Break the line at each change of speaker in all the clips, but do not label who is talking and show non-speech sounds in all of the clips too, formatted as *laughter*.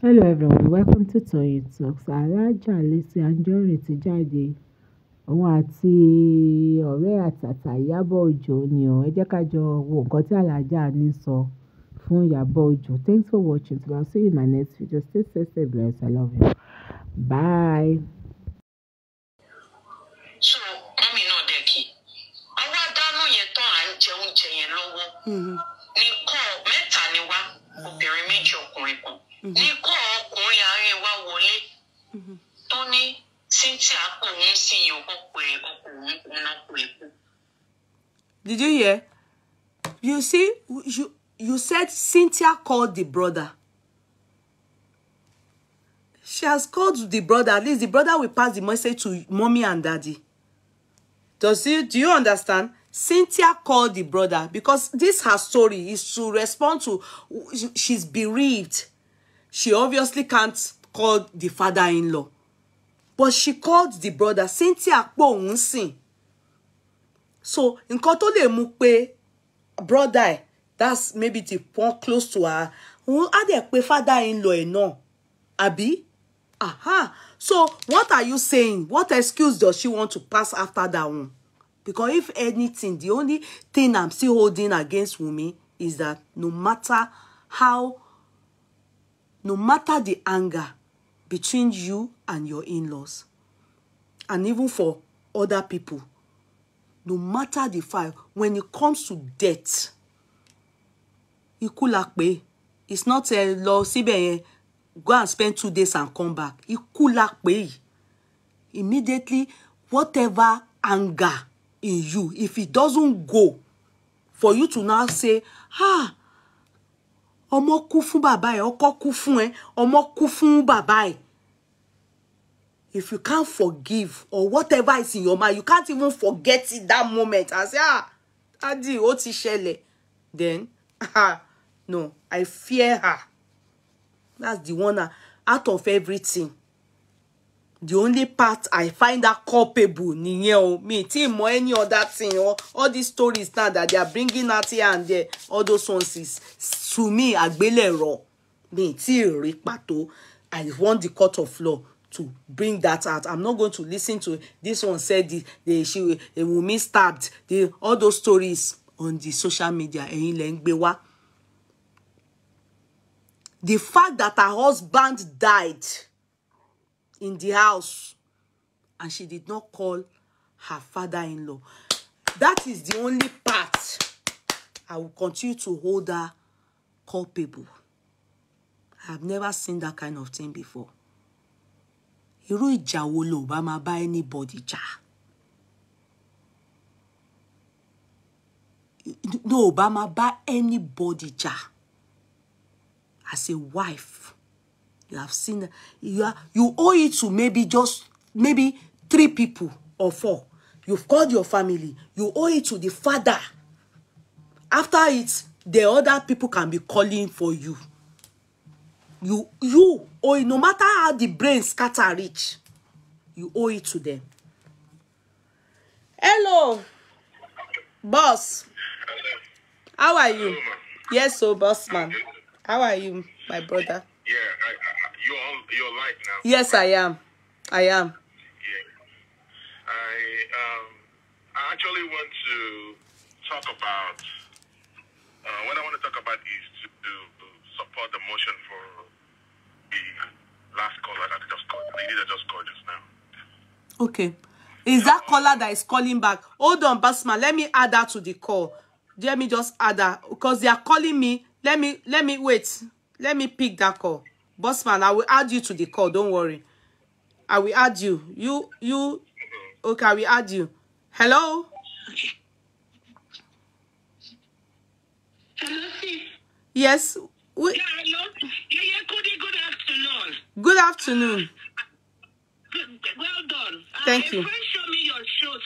Hello everyone, welcome to Toyeen Talks. Alhaja Lizzy Anjorin ti jáde. Òun àti ọ̀rẹ́ àtàtà Ìyábọ̀ Òjó ni o. Ẹ jẹ́ ká jọ wo nǹkan tí Alhaja ní sọ fún Ìyábọ̀ Òjó. Thanks for watching. Till I see you in my next video. Stay safe, stay blessed. I love you. Bye.
So, mọ́mí náà dẹ̀ Àwa dáná yẹn tán à ń jẹ oúnjẹ yẹn lọ́wọ́. Mm-hmm.
Did you hear? You see, you, you said Cynthia called the brother. She has called the brother. At least the brother will pass the message to mommy and daddy. Does you, do you understand? Cynthia called the brother because this her story is to respond to she's bereaved. She obviously can't call the father-in-law but she called the brother Cynthia pé òun sìn so nǹkan tó lè mú pé brother that's maybe the point close to her òun á dẹ̀ pé father in law ẹ̀ náà àbí aha so what are you saying what excuse does she want to pass after that one because if anything the only thing i'm still holding against Wumi is that no matter how no matter the anger between you and your in-laws and even for other people no matter the file when it comes to death ikú la it's not a eh, law. síbẹ̀ yẹn go and spend two days and come back ikú la immediately whatever anger in you if it doesn't go for you to now say ah ọmọ kú fún bàbá ẹ ọkọ kú fún ẹ ọmọ kú fún bàbá ẹ if you can't forgive or whatever is in your mind you can't even forget it that moment and say ah daddy ó ti ṣẹlẹ̀ then *laughs* ah no i fear her that's the one ah, out of everything the only part i find that culpable nìyẹn o me, tí mọ any other thing or all these stories now that they are bringing out here and there all those ones is to me àgbélẹ̀rọ me, tí rí pàtó i want the court of law to bring that out i'm not going to listen to this one said the the she the woman stabbed the all those stories on the social media ẹ̀yin lẹ ń gbé wá the fact that her husband died in the house and she did not call her father-in-law. That is the only part I will continue to hold her culpable. I've never seen that kind of thing before. Irú ìjà wo lo bá anybody Ja, No, bá máa bá anybody Ja. as a wife. You have seen you are you owe it to maybe just maybe three people or four. You've called your family. You owe it to the father. After it, the other people can be calling for you. You you owe no matter how the brain scatter reach, you owe it to them. Hello, boss. How are you? yes, so boss man. How are you, my brother? Yeah, I, I you're on, you're live now. Yes, right? I am. I am. Yeah.
I um, I actually want to talk about uh, what I want to talk about is to, to support the motion for the last caller that just called, the lady that just called just now. Okay.
Is that um, caller that is calling back? Hold on, Basma. Let me add that to the call. Let me just add that because they are calling me. Let me let me wait. Let me pick that call. Bossman, I will add you to the call. Don't worry. I will add you. You, you. Okay, I will add you. Hello? Hello, Yes. We... Yeah, hello. Yeah, yeah, good afternoon. Good afternoon.
Good, well done. Thank uh, you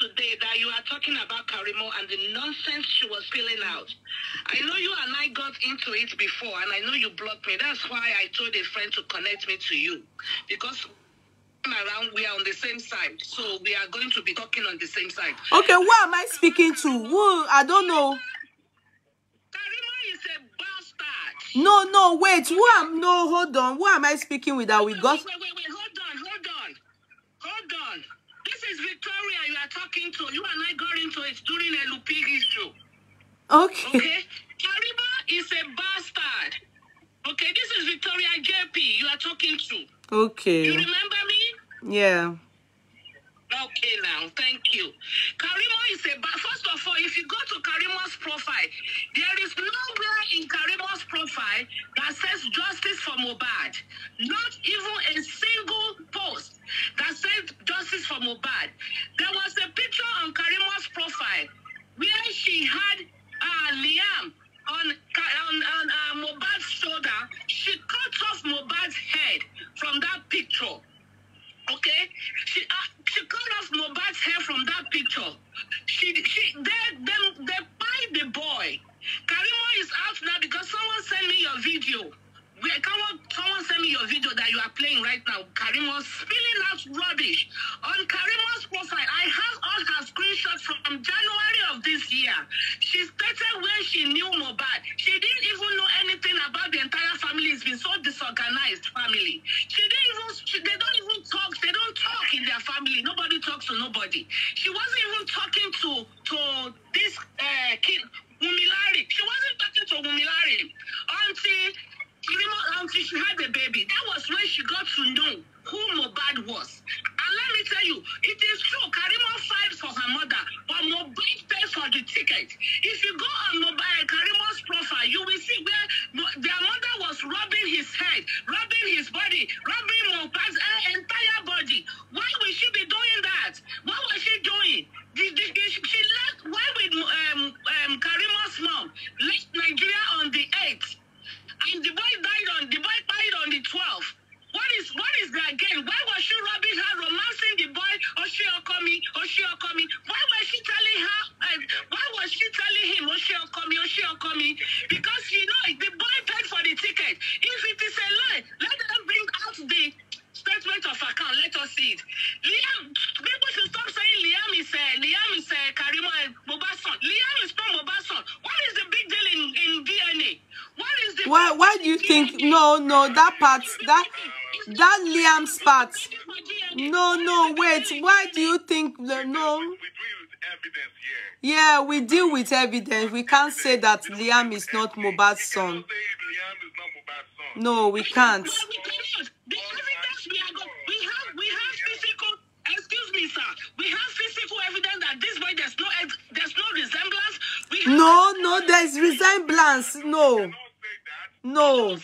today that you are talking about Karimo and the nonsense she was spilling out. I know you and I got into it before, and I know you blocked me. That's why I told a friend to connect me to you because around we are on the same side so we are going to be talking on the same side okay who
am i speaking to who i don't know Karimo is a bastard. no no wait who am no hold on who am i speaking with that we got wait, wait, wait,
talking to, you and I got into it during a Lupig issue. Okay. Okay? Kariba is a bastard. Okay, this is Victoria JP you are talking to. Okay. You remember
me? Yeah.
Okay, now, thank you. Karima is a bastard. first of all, if you go to Karima's profile, there is nowhere in Karima's profile that says justice for Mobad. Not even a single video. Where, come on, someone send me your video that you are playing right now. Karimos spilling out rubbish. On Karimos profile, I have all her screenshots from January of this year. She started when she knew Mobad. She didn't even know anything about the entire family. It's been so disorganized family. She didn't even, she, they don't even talk. They don't talk in their family. Nobody talks to nobody. She wasn't even talking to, to, ṣe ọkọ mi why was she telling her uh, why was she telling him ó ṣe ọkọ mi ó ṣe ọkọ mi because you know the boy paid for the ticket if it is a lie let them bring out the statement of account let us see it liam people should stop saying liam is uh, liam is uh, karimo mobasan liam is from mobasan what is the big deal in in dna what is the. why why
do you think DNA? no no that part that that liam's part. No, no, wait. Why do you think the, no? Yeah, we deal with evidence. We can't say that Liam is not Mohbad's son. No, we can't.
we have physical. Excuse me, sir. We have physical evidence that this boy there's no
there's no resemblance. no, no, there's resemblance. No, no.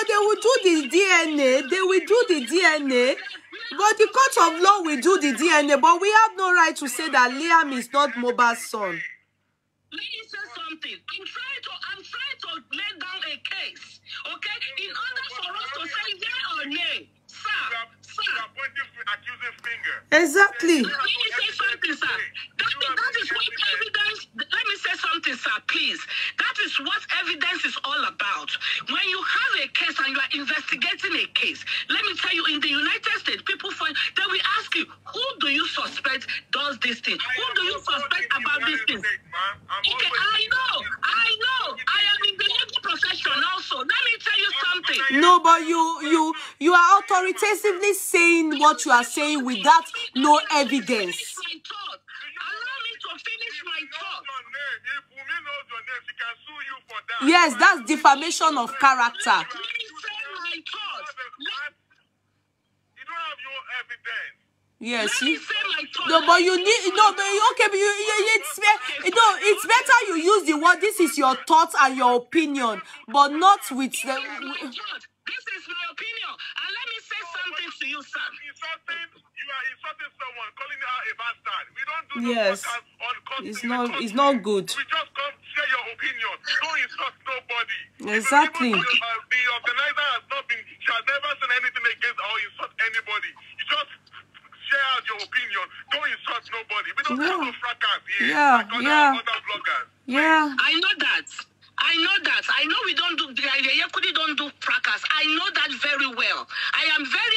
but they will do the DNA. They will do the DNA. But the court of law will do the DNA. But we have no right to say that Liam is not Mobas' son. Let me say something. I'm trying to,
I'm trying to lay down a case, okay? In order for us to say yeah or nay, sir, sir.
Exactly.
you. I know, I know. I am in the legal profession also. Let me tell you something. No, but
you you you are authoritatively saying what you are saying without no evidence. Yes, that's defamation of character. Yes, you. say
my No, but you need no, but okay, but you, you, it's no,
it's better you use the word. This is your thoughts and your opinion, but not with the.
This is my opinion, and let me say something to you, sir.
Insulting, you are insulting someone, calling her a bastard. We don't do yes. It's not. It's not good. We just come share your opinion. don't insult nobody. Exactly. the organizer has not been. She has never said anything
against or insult anybody. You just share your opinion don't insult nobody. We don't yeah. have no here. Yeah, like other, yeah. Other bloggers. Yeah. I know that. I know that. I know we don't do, Yekudi don't do fracas. I know that very well. I am very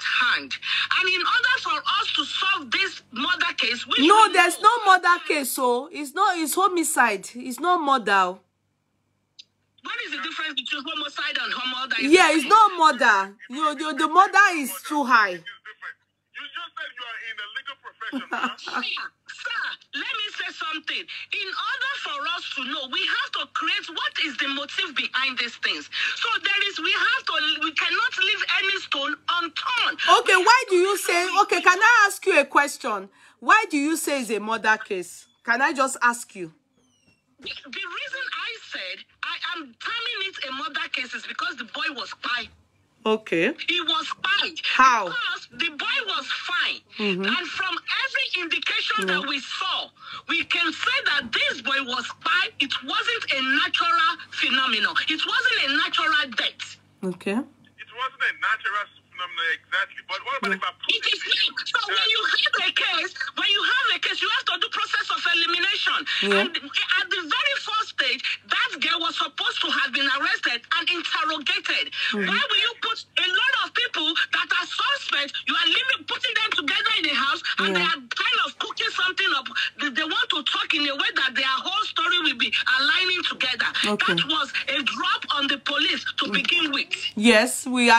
at hand. And in order for us to solve this murder case, we No, there's
no murder case, so oh. it's not it's homicide. It's not murder. Oh.
What is the difference between homicide and murder? Yeah, it's not
murder. You, you, the murder is too high. You just
said you are in the legal profession. *laughs* sir, sir, let me say something. In order for to know. We have to create what is the motive behind these things. So there is, we have to, we cannot leave any stone
unturned. Okay, we why do you say, okay, can I ask you a question? Why do you say it's a murder case? Can I just ask you?
The reason I said I am terming it a murder case is because the boy was fine. Okay. He was fine. How? Because the boy was fine. Mm -hmm. And from every indication that mm-hmm. we saw, we can say that this boy was spy. It wasn't a natural phenomenon. It wasn't a natural death. Okay. It wasn't a natural phenomenon exactly. But what about yeah. if I put it is him. So when you have a case, when you have a case, you have to do process of elimination. Yeah. And at the very first stage, that girl was supposed to have been arrested and interrogated. Mm. Why will you aligning together. Okay. That was a drop on the police to begin with.
Yes, we are.